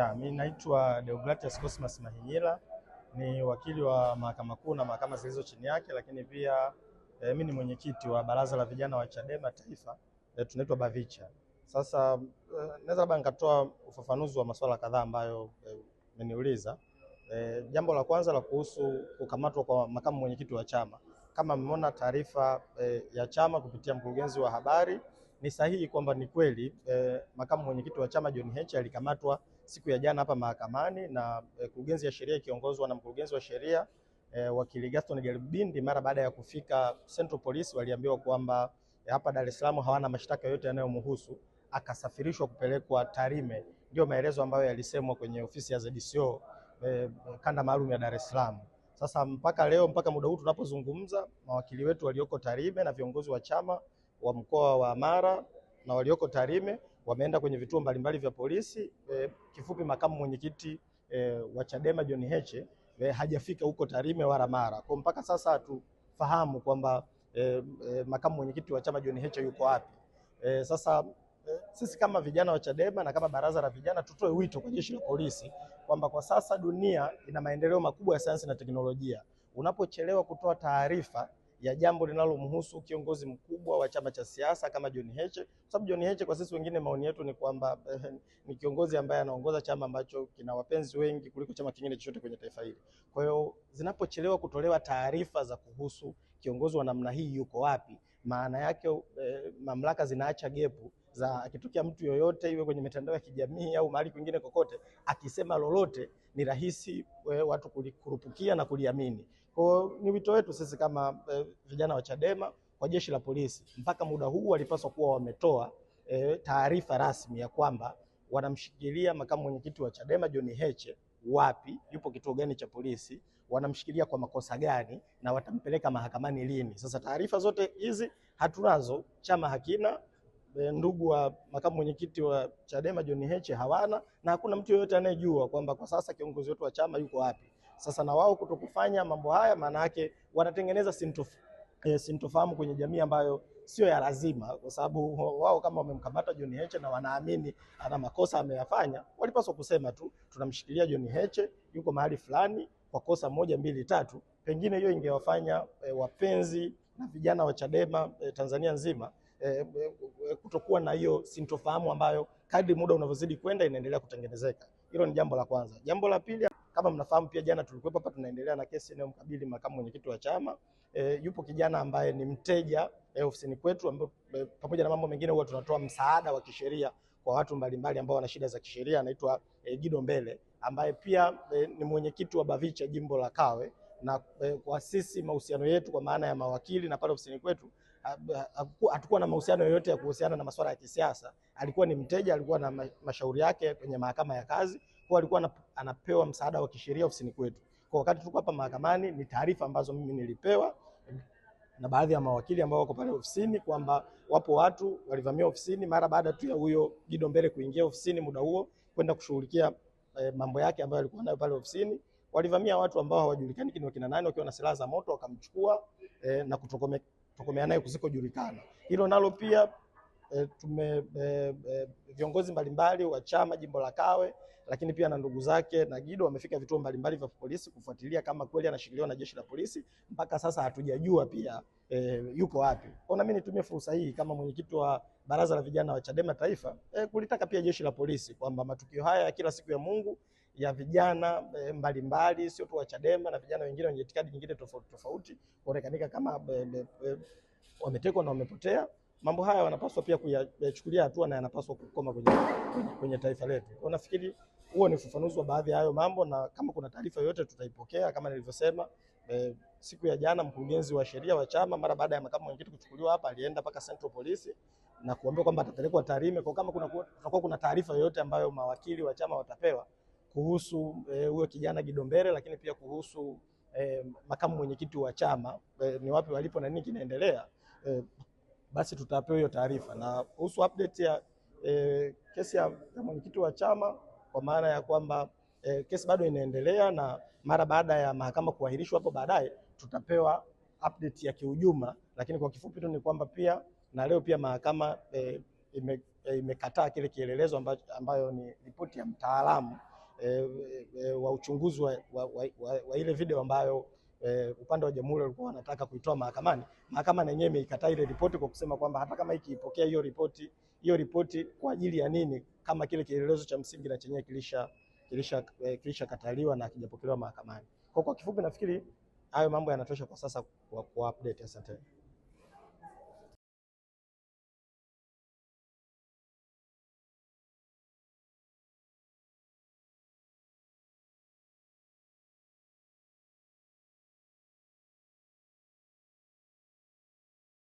Ya, mi naitwa Deogratias Cosmas Mahinyila ni wakili wa mahakama kuu na mahakama zilizo chini yake, lakini pia eh, mi ni mwenyekiti wa baraza la vijana wa Chadema Taifa eh, tunaitwa Bavicha. Sasa eh, naweza labda nikatoa ufafanuzi wa masuala kadhaa ambayo eh, mmeniuliza. Eh, eh, jambo la kwanza la kuhusu kukamatwa kwa makamu mwenyekiti wa chama, kama mmeona taarifa eh, ya chama kupitia mkurugenzi wa habari, ni sahihi kwamba ni kweli eh, makamu mwenyekiti wa chama John Heche alikamatwa siku ya jana hapa mahakamani na eh, kurugenzi ya sheria ikiongozwa na mkurugenzi wa sheria e, wakili Gaston Gelbindi. Mara baada ya kufika Central Police waliambiwa kwamba e, hapa Dar es Salaam hawana mashtaka yote yanayomhusu, akasafirishwa kupelekwa Tarime. Ndio maelezo ambayo yalisemwa kwenye ofisi ya ZDCO e, kanda maalum ya Dar es Salaam. Sasa mpaka leo, mpaka muda huu tunapozungumza, mawakili wetu walioko Tarime na viongozi wa chama wa mkoa wa Mara na walioko Tarime wameenda kwenye vituo mbalimbali vya polisi e, kifupi makamu mwenyekiti e, wa Chadema John Heche e, hajafika huko Tarime wala Mara. Kwa mpaka sasa hatufahamu kwamba e, e, makamu mwenyekiti wa chama John Heche yuko wapi. E, sasa e, sisi kama vijana wa Chadema na kama baraza la vijana tutoe wito kwa jeshi la polisi kwamba kwa sasa dunia ina maendeleo makubwa ya sayansi na teknolojia. Unapochelewa kutoa taarifa ya jambo linalomhusu kiongozi mkubwa wa chama cha siasa kama John Heche, kwa sababu John Heche kwa sisi wengine maoni yetu ni kwamba eh, ni kiongozi ambaye anaongoza chama ambacho kina wapenzi wengi kuliko chama kingine chochote kwenye taifa hili. Kwa hiyo zinapochelewa kutolewa taarifa za kuhusu kiongozi wa namna hii yuko wapi maana yake e, mamlaka zinaacha gepu za akitokea mtu yoyote iwe kwenye mitandao ya kijamii au mahali kwingine kokote, akisema lolote ni rahisi we, eh, watu kulikurupukia na kuliamini. Kwa ni wito wetu sisi kama e, vijana wa Chadema kwa jeshi la polisi, mpaka muda huu walipaswa kuwa wametoa e, taarifa rasmi ya kwamba wanamshikilia makamu mwenyekiti wa Chadema John Heche, wapi yupo, kituo gani cha polisi wanamshikilia kwa makosa gani na watampeleka mahakamani lini. Sasa taarifa zote hizi hatunazo, chama hakina, e, ndugu wa makamu mwenyekiti wa Chadema John Heche hawana, na hakuna mtu yoyote anayejua kwamba kwa sasa kiongozi wetu wa chama yuko wapi. Sasa na wao kutokufanya mambo haya, maana yake wanatengeneza sintof, e, sintofahamu kwenye jamii ambayo sio ya lazima, kwa sababu wao kama wamemkamata John Heche na wanaamini ana makosa ameyafanya, walipaswa kusema tu tunamshikilia John Heche, yuko mahali fulani kwa kosa moja mbili tatu, pengine hiyo ingewafanya e, wapenzi na vijana wa Chadema e, Tanzania nzima e, e, kutokuwa na hiyo sintofahamu ambayo kadri muda unavyozidi kwenda inaendelea kutengenezeka. Hilo ni jambo la kwanza. Jambo la pili, kama mnafahamu pia, jana tulikuwepo hapa, tunaendelea na kesi inayomkabili makamu mwenyekiti wa chama e, yupo kijana ambaye ni mteja e, ofisini kwetu ambapo, e, pamoja na mambo mengine, huwa tunatoa msaada wa kisheria kwa watu mbalimbali ambao wana shida za kisheria, anaitwa e, eh, Gido Mbele ambaye pia e, ni mwenyekiti wa Bavicha jimbo la Kawe na e, kwa sisi mahusiano yetu kwa maana ya mawakili na pale ofisini kwetu hatukuwa na mahusiano yoyote ya kuhusiana na masuala ya kisiasa. Alikuwa ni mteja, alikuwa na mashauri yake kwenye mahakama ya kazi, kwa alikuwa anapewa msaada wa kisheria ofisini kwetu. Kwa wakati tuko hapa mahakamani, ni taarifa ambazo mimi nilipewa na baadhi ya mawakili ambao wako pale ofisini kwamba wapo watu walivamia ofisini mara baada tu ya huyo Gido Mbele kuingia ofisini muda huo kwenda kushughulikia eh, mambo yake ambayo alikuwa nayo pale ofisini. Walivamia watu ambao hawajulikani ni kina nani, wakiwa na silaha za moto wakamchukua, eh, na kutokomea naye kuzikojulikana. Hilo nalo pia eh, tume eh, eh, viongozi mbalimbali wa chama jimbo la Kawe, lakini pia na ndugu zake na Gido wamefika vituo mbalimbali vya polisi kufuatilia kama kweli anashikiliwa na jeshi la polisi. Mpaka sasa hatujajua pia e, eh, yuko wapi. Kwa mimi nitumie fursa hii kama mwenyekiti wa baraza la vijana wa Chadema Taifa e, kulitaka pia jeshi la polisi kwamba matukio haya ya kila siku ya Mungu ya vijana eh, mbalimbali sio tu wa Chadema na vijana wengine wenye itikadi nyingine tofauti tofauti kuonekanika kama wametekwa na wamepotea mambo haya wanapaswa pia kuyachukulia hatua na yanapaswa kukoma kwenye, kwenye taifa letu. Kwa nafikiri huo ni ufafanuzi wa baadhi ya hayo mambo, na kama kuna taarifa yoyote tutaipokea. Kama nilivyosema eh, siku ya jana mkurugenzi wa sheria wa chama mara baada ya makamu mwenyekiti kuchukuliwa hapa alienda mpaka Central Police na kuambiwa kwamba atapelekwa Tarime kwa kama kutakuwa kuna, kuna taarifa yoyote ambayo mawakili wa chama watapewa kuhusu eh, huyo e, kijana Gidombere, lakini pia kuhusu e, makamu mwenyekiti wa chama e, ni wapi walipo na nini kinaendelea e, basi tutapewa hiyo taarifa. Na kuhusu update ya e, kesi ya mwenyekiti wa chama kwa maana ya kwamba e, kesi bado inaendelea na mara baada ya mahakama kuahirishwa hapo baadaye tutapewa update ya kiujumla, lakini kwa kifupi tu ni kwamba pia na leo pia mahakama e, ime, e, imekataa kile kielelezo ambayo, ambayo ni ripoti ya mtaalamu e, e, wa uchunguzi wa, wa, wa, wa ile video ambayo eh, upande wa jamhuri walikuwa wanataka kuitoa mahakamani. Mahakama na yenyewe imeikataa ile ripoti kwa kusema kwamba hata kama ikiipokea hiyo ripoti, hiyo ripoti kwa ajili ya nini kama kile kielelezo cha msingi na chenyewe kilisha kilisha eh, kilisha kataliwa na kijapokelewa mahakamani. Kwa kwa kifupi, nafikiri hayo mambo yanatosha kwa sasa kwa, kwa update. Asante.